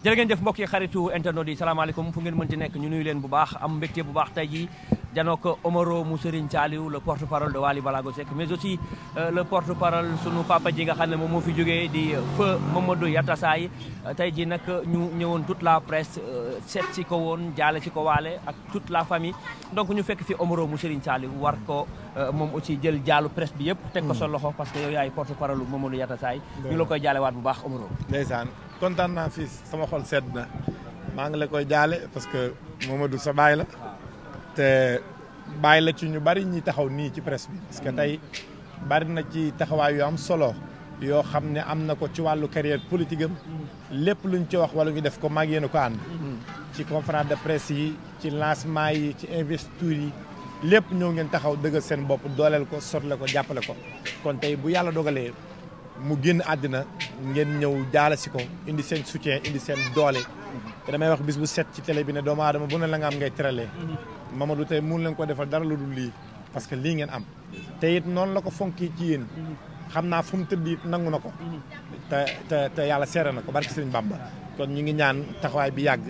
jërë ngeen jëf mbokk yi xaritu internet yi salaamaaleykum fu ngeen mënti nekk ñu nuyu leen bu baax am mbégte bu baax tey jii janook omoro mu Serigne Saliou le porte parole de Waly Balago Seck mais aussi euh, le porte parole sunu papa ji nga xam ne moom moo fi jógee di feu Mamadou Yatassay euh, tey jii nag ñu ñëwoon toute la presse euh, set si ko woon jaale si ko waale ak toute la famille donc ñu fekk fi Omaro mu Serigne Saliou war ko moom aussi jël jaalu presse bi yëpp teg ko sa hmm. loxo parce que yow yaay porte parole Mamadou Yatassay ñu la koy jaalewaat bu baax Omaro ndeysaan kontaan naa fii sama xol sedd na maa ngi la koy jaale parce que moom Momadou sa baay la te baay la ci ñu bari ñi taxaw nii ci presse bi. parce que tey bari na ci taxawaay yoo am solo yoo xam ne am na ko ci wàllu carrière politique am lépp luñ ci wax wala ñu def ko mag yéen ko ànd. ci conférence de presse yi ci lancement yi ci investiture yi lépp ñëw ngeen taxaw dëggal seen bopp dooleel ko sotle ko jàppale ko kon tey bu yàlla dogalee. mu génn àddina ngeen ñëw jaala si ko indi seen soutien indi seen doole te damay wax bis bu set ci télé bi ne doomu aadama bu ne la nga am ngay teralee Mamadou tey mun leen ko defal dara lu dul lii parce que lii ngeen am te it noonu la ko fonkee ci yéen xam naa fu mu tëdd it nangu na ko te te yàlla seere na ko barke Sëriñ Bamba kon ñu ngi ñaan taxawaay bi yàgg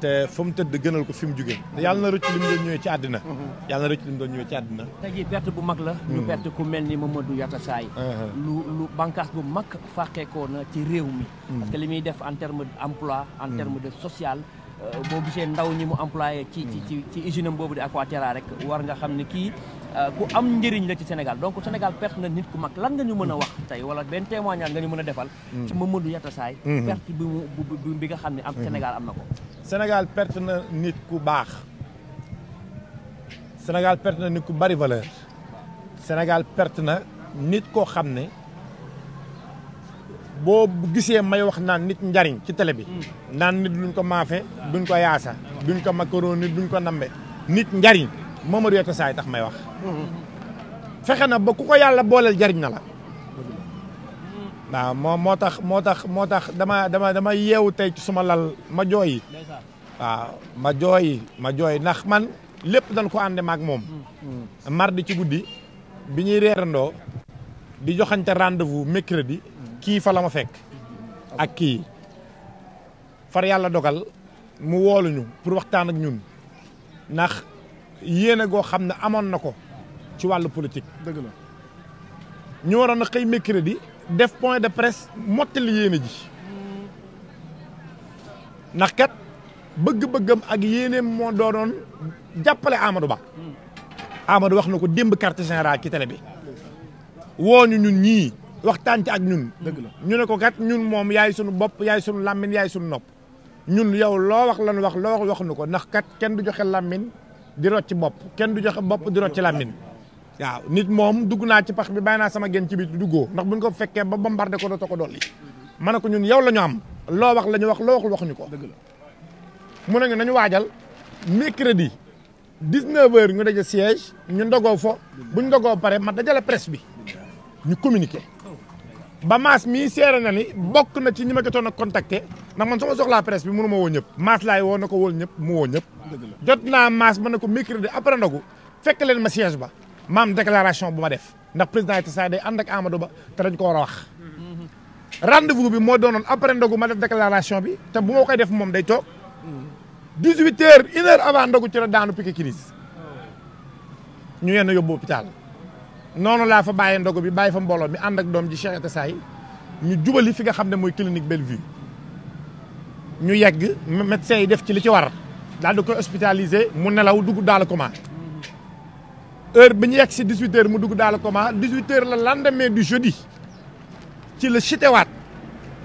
te fa mu tëdd gënal ko fi mu jógee mhm. yàlla na rëcc li mu doon ñëwee ci àddina mhm. yàlla na rëcc li mu doon ñëwee ci àddina tey jii perte bu mag la mhm. ñu perte ku mel ni Mamadou Yatassay uh-huh. lu lu bànqaas bu mag fàqeekoo na ci réew mi parce que li muy def en terme emploi en terme de sociale Euh, boo gisee ndaw ñi mu employé. ci ci ci usine am boobu di Aquatera rek war nga xam ne kii euh, ku am njëriñ la ci Sénégal donc Sénégal perte na nit ku mag lan nga ñu mën a wax tey wala benn témoignage nga ñu mën a defal. Mm-hmm. ci Mamadou Yatassay. Mm-hmm. perte bi mu bi nga xam ne am mm-hmm. senegal am na ko. senegal perte na nit ku baax. Sénégal perte na nit ku bari valeur. Sénégal perte na nit koo xam ne. boo gisee may wax naan nit njariñ ci tele bi naan nit duñ ko maafe duñ ko yaasa duñ ko macaroni duñ ko nambe nit njariñ Mamadou Yatta Saay tax may wax fexe na ba ku ko yàlla booleel jariñ na la waaw moo moo tax moo tax moo tax dama dama dama yeewu tey suma lal ma jooyi waaw ma jooyi ma jooy ndax man lépp dañ ko ànde maak moom di ci guddi bi ñuy reerandoo di joxante rendez-vous mercredi kii fa la ma fekk ak kii far yàlla dogal mu wooluñu pour waxtaan ak ñun ndax yéene goo xam ne amoon na ko ci wàllu politique. dëgg la ñu waroon a xëy mercredi def point de presse mottali yéene ji ndax kat bëgg-bëggam ak yéeneem moo doonoon jàppale Amadou Ba. Hmm. Amadou wax na ko démb carte générale ci télé bi woo ñun ñii. waxtaan ci ak ñun. dëgg la ñu ne ko kat ñun moom yaay sunu bopp yaay sunu làmmiñ yaay sunu nopp. ñun yow loo wax lan wax loo wax wax nu ko ndax kat kenn du joxe làmmiñ di rot ci bopp kenn du joxe bopp di rot ci làmmiñ waaw nit moom dugg naa ci pax bi bàyyi naa sama gen ci bi duggoo ndax buñ ko fekkee ba bombardé ko dootoo ko dolli. Mm-hmm. ma ne ko ñun yow la am loo wax la ñu wax loo waxul waxuñu ko. dëgg la mu ne ñu nañu waajal mercredi 19h ñu daje siège ñu ndogoo fo buñ ndogoo pare ma dajale presse bi ñu communiqué. ba maas mii seere na ni bokk na ci ñi ma jotoon a contacté ndax man sama soxlaa presse bi mënu ma woo ñëpp maas laay woo na ko woo ñëpp mu woo ñëpp jot naa maas ma ne ko mercredi après ndogu fekk leen ma siège ba maam am bu ma def ndax président yi day ànd ak Amadou Ba te dañ ko war a wax rendez-vous bi moo doonoon après ndogu ma def déclaration bi te bu ma koy def moom day toog dix-huit heures une heure avant ndogu ci la daanu pique crise ñu yenn yóbbu hôpital noonu laa fa bàyyi ndogu bi bàyyi fa mbooloo mi ànd ak doom ji Cheikh Etasaay ñu jubali fi nga xam ne mooy clinique Bellevue ñu yegg médecin yi def ci li ci war daal di koy hospitalisé mu nelaw dugg daal coma heure bi ñu yegg si 18 heures mu dugg daal coma 18 heures la lendemain du jeudi ci la chitewaat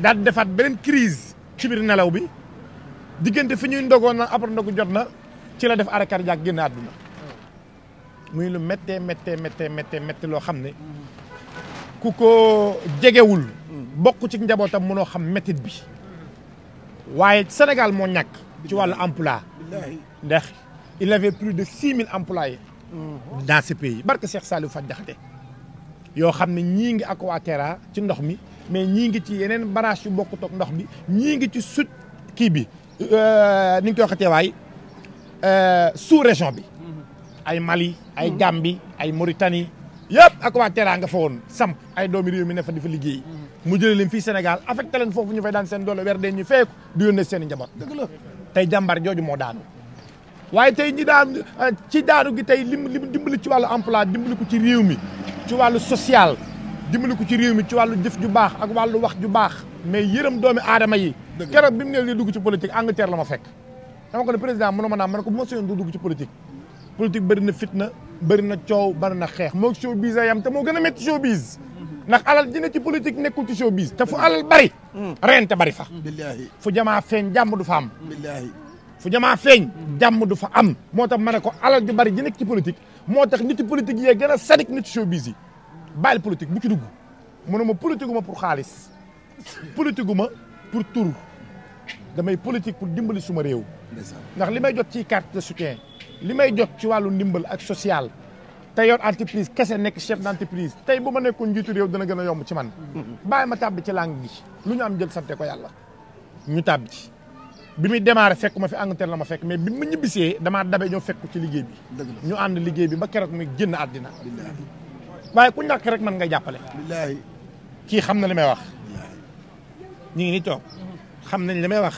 daal di defaat beneen crise ci biir nelaw bi diggante fi ñuy ndogoon na après ndogu jot na ci la def arrêt cardiaque génn àdduna muy lu méttee méttee méttee méttee métti loo xam ne ku ko jegewul bokk ci njabootam mënoo xam méttit bi waaye Sénégal moo ñàkk ci wàllu emploi dex il avait plus de six mille employés dans ce pays barke Cheikh Saliou Faye Diakhaté yoo xam ne ñii ngi ak waa ci ndox mi mais ñii ngi ci yeneen barrage yu bokkut ndox mi ñii ngi ci sud kii bi euh, ni ñu koy waxatee waay euh, sous région bi ay Mali ay mm-hmm. Gambie ay Mauritanie yëpp ak waa Teraanga fa woon samp ay doomi réew mi ne fa di fa liggéey mm-hmm. mu jëlee leen fii Sénégal affecté leen foofu ñu fay daan seen doole weer dee ñu feeku du yónnee seen i njaboot la tey jàmbar jooju moo daanu waaye tey ñi daan euh, ci daanu gi tey lim lim dimbali ci wàllu emploi dimbali ko ci riiw mi ci wàllu social dimbali ko ci réew mi ci wàllu jëf ju baax ak wàllu wax ju baax mais yërëm doomi aadama yi keroog bi mu ne li dugg ci politique Angleterre la ma fekk dama ko ne président mënuma naa dugg ci politique politique bëri na fitna bëri na coow bëri na xeex moo showbiz a yam te moo gën a métti showbiz ndax alal dina ci politique nekkul ci showbiz te fu alal bëri ren te bëri fa fu jamaa feeñ jàmm du fa am fu jamaa feeñ jàmm du am moo tax ma ne ko alal ju bëri ji nekk ci politique moo tax nit ci politique yee gën a sadik nit ci showbiz yi bàyyi politique bu ci dugg mu ne ma politique ma pour xaalis politique ma pour tur damay politique pour dimbali suma réew ndax li may jot ci carte de soutien li may jot ci wàllu ndimbal ak social te yor entreprise kese nekk chef d'entreprise tey bu ma nekkoon njiitu réew dana gën a yomb ci man bàyyi ma tàbbi ci langue gi lu ñu am jël sante ko yàlla ñu tàbbi ci bi muy démarré fekk ma fi Angleterre la ma fekk mais bi mu ñibbisee damaa dabe ñoo fekk ci liggéey bi ñu ànd liggéey bi ba keroog muy génn àddina waaye ku ñàkk rek man ngay jàppale kii xam na la may wax ñu ngi ni toog xam nañ la may wax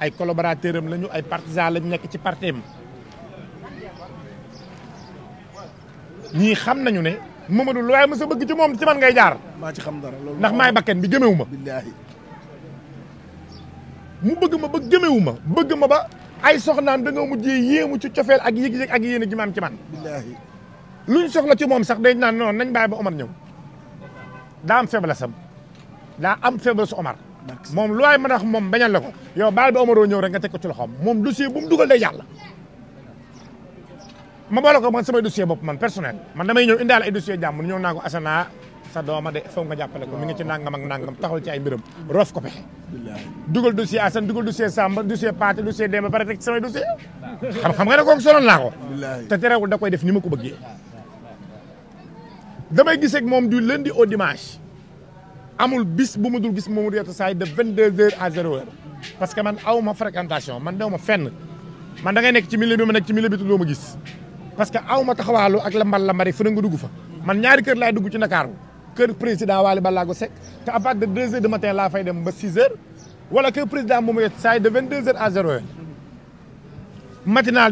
ay collaborateur am lañu ay partisan lañu nekk ci parti am ñii xam nañu ne Mamadou lu waaye sa bëgg ci moom ci man ngay jaar. maa ci xam dara loolu ndax maay bakken bi gëmewu ma. billaahi mu bëgg ma ba gëmewu ma bëgg ma ba ay soxnaan danga nga mujjee yéemu ci cofeel ak yëg-yëg ak yéen a ji maam ci man. billaahi luñ soxla ci moom sax dañ naan noon nañ bàyyi ba Omar ñëw daa am faiblesse am daa am faiblesse Omar. moom lu waay mën a wax moom beñal la ko yow baal ba Omar ñëw rek nga teg ko ci loxoom moom dossier bu dugal day yàlla. ma boole ko man samay dossier bopp man personnel man damay ñëw indaale ay dossier jàmm ñëw naa ko asana ah, sa dooma de foog nga jàppale ko mi ngi ci nangam ak nangam taxul ci ay mbiram roof ko dugal dossier Assane dugal dossier Samba dossier Demba pare teg samay dossier xam-xam nga ne kooku sonal naa ko te terewul da koy def ni ma ko bëggee damay gis ak moom du lundi au dimanche amul bis bu mu dul gis Mamadou Yatassaye de vingt deux heures à heure parce que man aw ma fréquentation man dew ma fenn man da ngay nekk ci milieu bi ma ci milieu bi tuddoo ma gis parce que aw ma taxawaalu ak la mbal la mari fu ne nga dugg fa man ñaari kër laay dugg ci Ndakaaru kër président laa fay dem ba six heures wala kër président moomu yet saa yi de vingt deux heures à zéro heure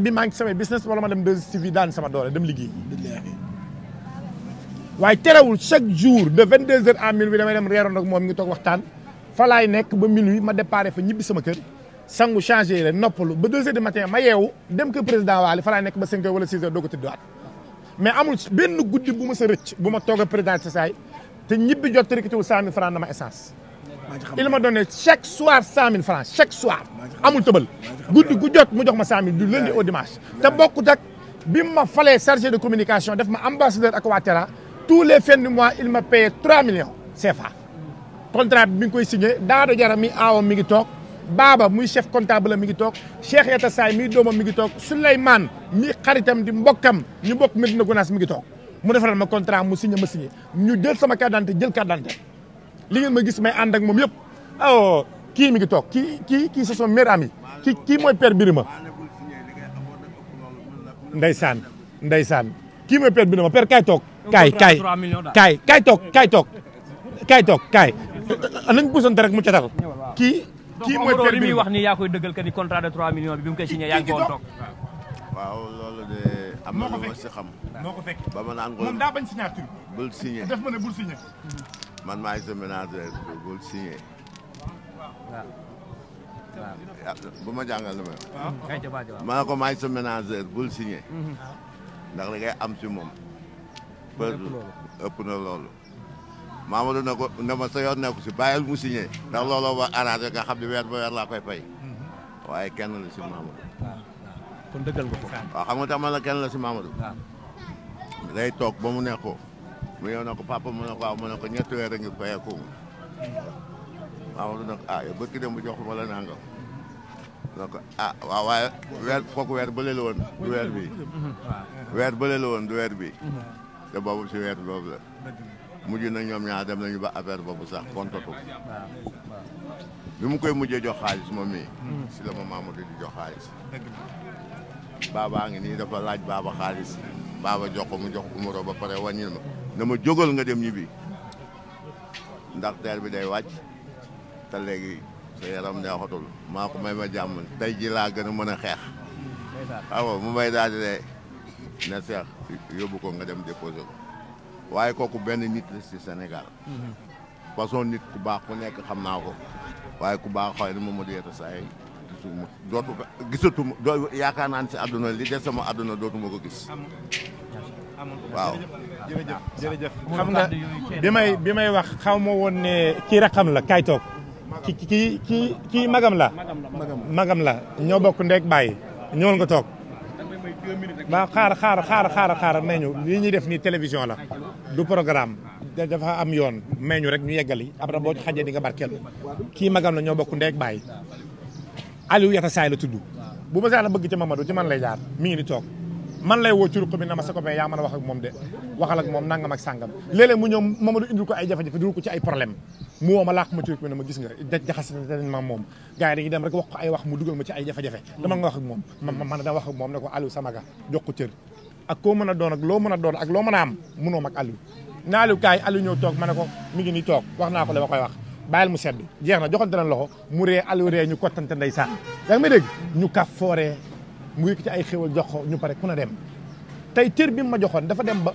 bi maa ngi samay business wala ma dem deux civi daan sama doole dem liggéey waaye terewul chaque jour de vingt deux heures à minuit damay dem reeroon ak moom ngi toog waxtaan fa laay nekk ba minuit ma déparé fa ñibbi sama kër sangu changé la noppalu ba deux heures du matin ma yeewu dem ko président Waly falaa nekk ba cinq heures wala six heures doo ko mais amul benn guddi bu ma se rëcc bu ma toog a président Cissé te ñibbi jot rëkkatiwul cent mille francs dama essence. il m'a donne chaque soir cent mille francs chaque soir. amul tëbal guddi gu jot mu jox ma cent mille du lundi au dimanche. te bokkut ak bi ma falee chargé de communication def ma ambassadeur ak Ouattara tous les fins du mois il m'a payé trois millions CFA. mi ngi koy signé Daado Jara mi aawam mi ngi toog. baaba muy chef comptable mi ngi toog Cheikh Yatta Saay miy doomam mi ngi toog Souleymane mi xaritam di mbokkam ñu bokk Medina Gounass mi ngi toog mu defaral ma contrat mu signé ma signé ñu jël sama carte d'identité jël carte d'identité li ngeen ma gis may ànd ak moom yëpp aw oh, kii mi ngi toog kii kii kii ce sont mes amis kii kii mooy père Birima ndeysaan ndeysaan kii mooy père Birima père kaay toog kaay kaay kaay kaay toog kaay toog kaay toog kaay nañ busante rek mu catal kii kii mooy père wax ni yaa koy dëggal que ni de 3 millions bi mu koy signé yaa ngi ko woon toog. waaw loolu de am ma si xam. moo ko fekk ba ma naan ko moom si bañ bul signé def man maa ngi sa ménageur bu ma jàngal li ma wax. ma ne ko maa ngi sa ménageur bul signé. Mhm. ndax li ngay am si moom. ëpp na loolu. Mamadou na ko ne ma sa yoon nekku si bàyyil mu signé ndax looloo ba arrangé nga xam ne weer ba weer laa koy fay mhm. waaye kenn la si Mamadou. kon dëggal nga ko. waaw xam la kenn la si Mamadou. lay toog ba mu nekk ko mu ñëw ko papa mu ne ko waaw mu ne ko ñetti weer a ngi fayeeku Mamadou nag ah yow bëgg dem bu jox ko ah, wala nangam. donc waaye weer kooku weer bële la du weer bi mhm. weer bële la du weer bi mhm. te boobu si weer boobu la. mujj na ñoom ñaar dem nañu ba affaire boobu sax kontatu bi mu koy mujjee jox xaalis moom mii si la ma Mamadou di jox xaalis baabaa ngi nii dafa laaj baaba xaalis baaba jox mu jox ko numéro ba pare wàññil ma na ma jógal nga dem ñibbi ndax teer bi day wàcc te léegi sa yaram neexatul maa ko may ma jàmm tey ji laa gën a mën a xeex waaw mu may daal di ne seex yóbbu ko nga dem déposé waaye kooku benn nit la si Sénégal. Mhm. façon nit ku baax ku nekk xam naa ko waaye ku baax xëy na moom moo di yeta saay gisuma dootu gisatuma doo yaakaar naa ne si àdduna li des sama àdduna dootuma ko gis. waaw jërëjëf xam nga bi may bi may wax xaw ma woon ne kii rakkam la kay toog ki ki kii kii magam la magam la ñoo bokk ndeeg bàyyi ñëwal nga toog waaw xaar xaar xaar xaar xaar may ñu lii ñuy def nii télévision la du programme da dafa am yoon meññu rek ñu yeggali après boo xajee di nga barkeel kii magam la ñoo bokk ndeeg bàyyi Aliou Yata Saay la tuddu bu ma sax la bëgg ci Mamadou ci man lay jaar mi ngi ni toog man lay woo ci ruq bi na ma sa copain a moom de waxal moom nangam ak sàngam léeg-léeg mu ñëw Mamadou indil ko ay jafe ko ci ay problème mu woo ma laax ma ci moom gars yi dañuy dem rek wax ko ay wax mu dugal ma ci ay jafe-jafe dama nga wax ak moom man dama wax ak moom ne ko Aliou Samaga jox ko cër ak koo mën a doon ak loo mën a doon ak loo mën a am munoo mag Aliou naa Aliou kaay Aliou ñoo toog ma ne ko mi ngi nii toog wax na ko la ma koy wax bàyyil mu sedd jeex na joxante nañ loxo mu ree Aliou ree ñu kottante nday saan yaa ma may ñu kaf fooree mu yëkkati ay xéwal jox ñu pare ku na dem tey cër bi mu ma joxoon dafa dem ba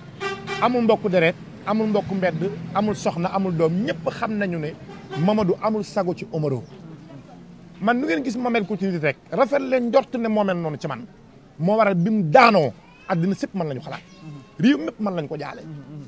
amul mbokku deret amul mbokku mbedd amul soxna amul doom ñëpp xam nañu ne Mamadou amul sago ci Omaro man nu ngeen gis ma mel ko ci nit rek leen njort ne moo mel noonu ci man moo waral bi mu daanoo àddina sëpp mën lañu xalaat réew mépp mën lañ ko jaale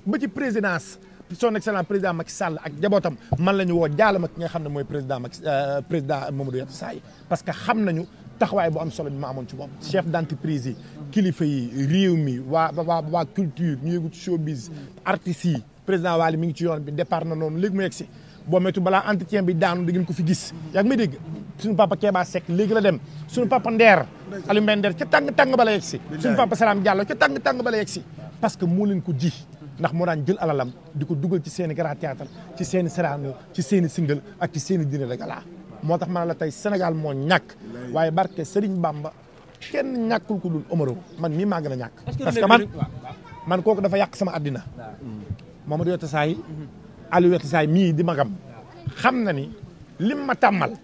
ba ci présidence son excellent président Macky Sall ak jabootam man la ñu woo jaale ma ki nga xam ne mooy président Macky euh, président Mamadou Yatassaye parce que xam nañu taxawaay boo am solo bi ma amoon ci moom chef d'entreprise yi kilifa yi réew mi waa waa waa culture ñu yëgu ci showbiz artistes yi président Wally mi ngi ci yoon bi départ na noonu léegi mu yegg si boo metu balaa entretien bi daanu di ngeen ko fi gis yaa ngi dégg suñu papa Kéba Seck léegi la dem suñu papa Ndeer Aliou Ndeer ca tàng-tàng bala la yegg si suñu papa Salam Diallo ca tàng-tàng ba la yegg si parce que moo leen ko ji ndax moo daan jël alalam di ko dugal ci seeni i grand ci seen i ci seeni i ak ci seeni i dîner de gala moo tax ma ne la tey Sénégal moo ñàkk waaye barke Serigne Bamba kenn ñàkkul ko dul Omaro man mii maa gën ñàkk parce que man man kooku dafa yàq sama àddina mm-hmm. Mamadou Yatassay Aliou Yatassay mii di magam xam na ni lim ma tàmmal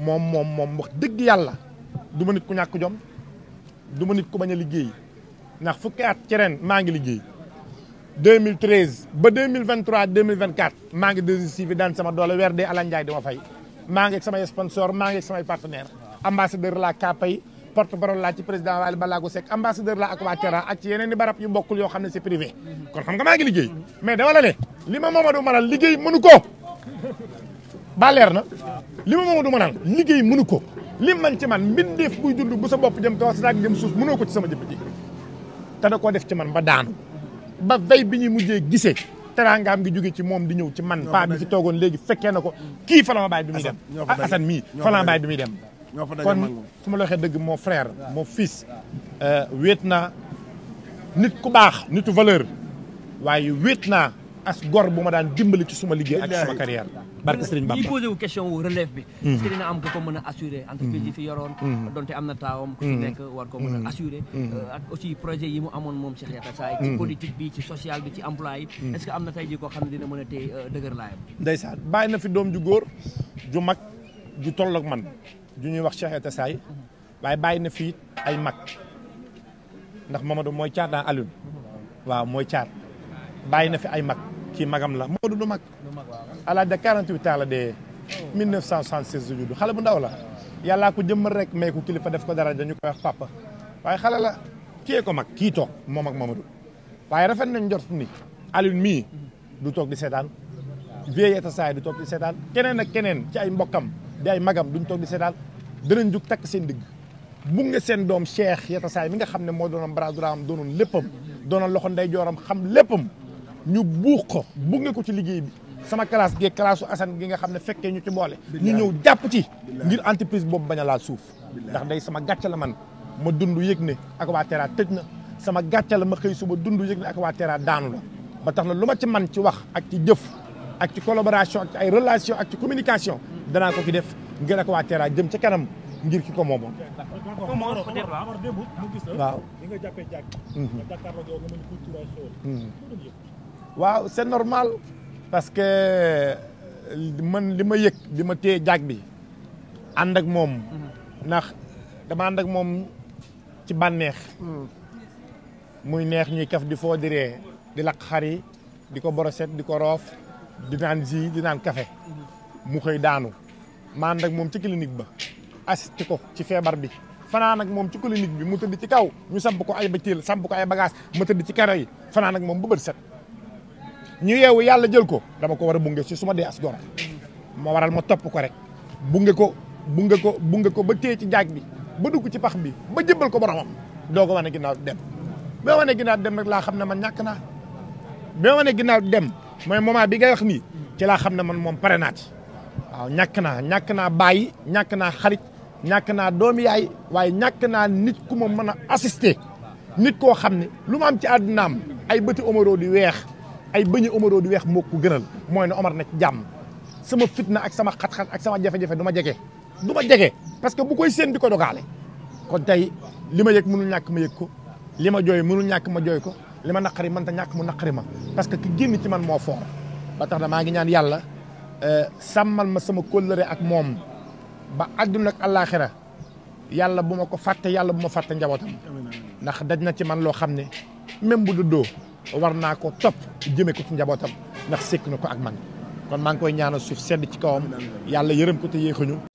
moom moom moom wax dégg yàlla du ma nit ku ñàkk jom du ma nit ku bañ a liggéey ndax fukki at ci maa ngi liggéey 2013 ba 2023 2024 maa ngi desi si fi daan sama doole weer dee Alan Ndiaye di ma fay maa ngi ak samay sponsor maa ngi ak samay partenaire ambassadeur laa Kapay porte parole laa ci président Waly Balago Seck ambassadeur laa ak waa Terra ak ci yeneen i barab yu bokkul yoo xam ne c'est privé kon xam nga maa ngi liggéey mais dawala ne li ma mooma du mënal liggéey mënu ko ba leer na li ma mooma du ma naan liggéey mënu ko li man ci man mbindeef buy dund bu sa bopp jëm kaw sa tànk jëm suuf mënoo ko ci sama jëf ji te da koo def ci man ba daanu ba vey bi ñuy mujjee gisee teraangaam ngi jóge ci moom di ñëw ci man paa bi fi toogoon léegi fekkee na ko kii fa la ma bàyyi bi muy dem ah, Assane mii fa la ma bàyyi bi muy dem kon su ma la waxee dëgg mon frère mon fils euh, wéet naa nit ku baax nitu valeur waaye weet naa as gor bu ma daan dimbali ci suma liggéey ak suma carrière barke Serigne Bamba posé wu question wu relève bi mm-hmm. est-ce dina am ko ko mën a assuré entreprise yi fi yoroon mm-hmm. donte am na taawam ku fi mm-hmm. nekk war ko mën a assuré euh, ak aussi projet yi mu amoon moom Cheikh Yatassay ci politique bi ci social bi ci emploi yi est-ce que am na tey ji koo xam ne dina mën a téye euh, dëgër laayam ndeysaan na fi doom ju góor ju mag ju tollook man ju ñuy wax Cheikh Yatassay waaye bàyyi na fi ay mag ndax Mamadou mooy caar daan Alioune waaw mooy caar bàyyi na fi ay mag kii magam la Modou du mag à l'âge de 48 ans la dee 1976 judd xale bu ndaw la yàllaa ko jëmmal rek may ko kilifa def ko dara dañu koy wax papa waaye xale la kiyee ko mag kii toog moom ak Mamadou waaye rafet nañ njort ni Alioune mii du toog di seetaan vieille tasaay du toog di seetaan keneen ak keneen ci ay mbokkam di ay magam duñ toog di seetaan danañ jug takk seen digg bu nga seen doom Cheikh Yatasaay mi nga xam ne moo doonoon bras droit am doonoon léppam doonoon ñu buux ko bugge ko ci liggéey bi sama classe gi classe su Assane gi nga xam ne fekkee ñu ci boole ñu ñëw jàpp ci ngir entreprise boobu bañ a laal suuf ndax day sama gàcce la man ma dund yëg ne ak waa Terra tëj na sama gàcce la ma xëy suba dund yëg ne ak waa Terra daanu la ba tax na lu ma ci man ci wax ak ci jëf ak ci collaboration ak ci ay relation ak ci communication danaa ko ci def ngir ak waa Terra jëm ci kanam ngir ki ko moomoon. waaw. waaw c'est normal parce que euh, man li ma yëg di ma téye jaag bi ànd ak moom mm-hmm. ndax dama ànd ak moom ci bànneex mm-hmm. muy neex ñuy kaf di foo di di lakk xar yi di ko boroset di ko roof di naan ji di naan kafe mm-hmm. mu xëy daanu ma ànd ak moom ci clinique ba assisté ko ci feebar bi fanaan ak moom ci clinique bi mu tëdd ci kaw ñu samp ko ay batil samp ko ay bagage ma tëdd ci karo yi fanaan ak moom bu bët set ñu yeewu yàlla jël ko dama ko war a bunge si suma ma dee as gor waral ma topp ko rek bunge ko bunge ko bunge ko ba téye ci jaag bi ba dugg ci pax bi ba jëbbal ko boromam doo ko wane ginnaaw dem boo wane ginnaaw dem rek laa xam ne man ñàkk naa boo wane ginnaaw dem mooy moment bi ngay wax nii ci laa xam ne man moom pare naa ci waaw ñàkk naa ñàkk naa bàyyi ñàkk naa xarit ñàkk naa doomu yaay waaye ñàkk naa nit ku ma mën a assister nit koo xam ne lu ma am ci àddunaam ay bëti omoro di weex ay bëñ a Omaro di weex moo ko gënal mooy ne Omar na ci jàmm sama fitna ak sama xat-xat ak sama jafe-jafe du ma jege du ma jege parce que bu koy seen di ko dogaale kon tey li ma yëg mënul ñàkk ma yëg ko li ma jooy mënul ñàkk ma jooy ko li ma naqari man ta ñàkk mu naqari ma parce que ki génn ci man moo foor ba tax da maa ngi ñaan yàlla euh, sàmmal ma sama kóllëre ak moom ba àdduna ak àllaaxira yàlla bu ma ko fàtte yàlla bu ma fàtte njabootam ndax daj na ci man loo xam ne même bu duddoo war naa ko topp jëmee ko ci njabootam ndax sekk na ko ak man kon maa ngi koy ñaanal suuf sedd ci kawam yàlla yërëm ko te yéexuñu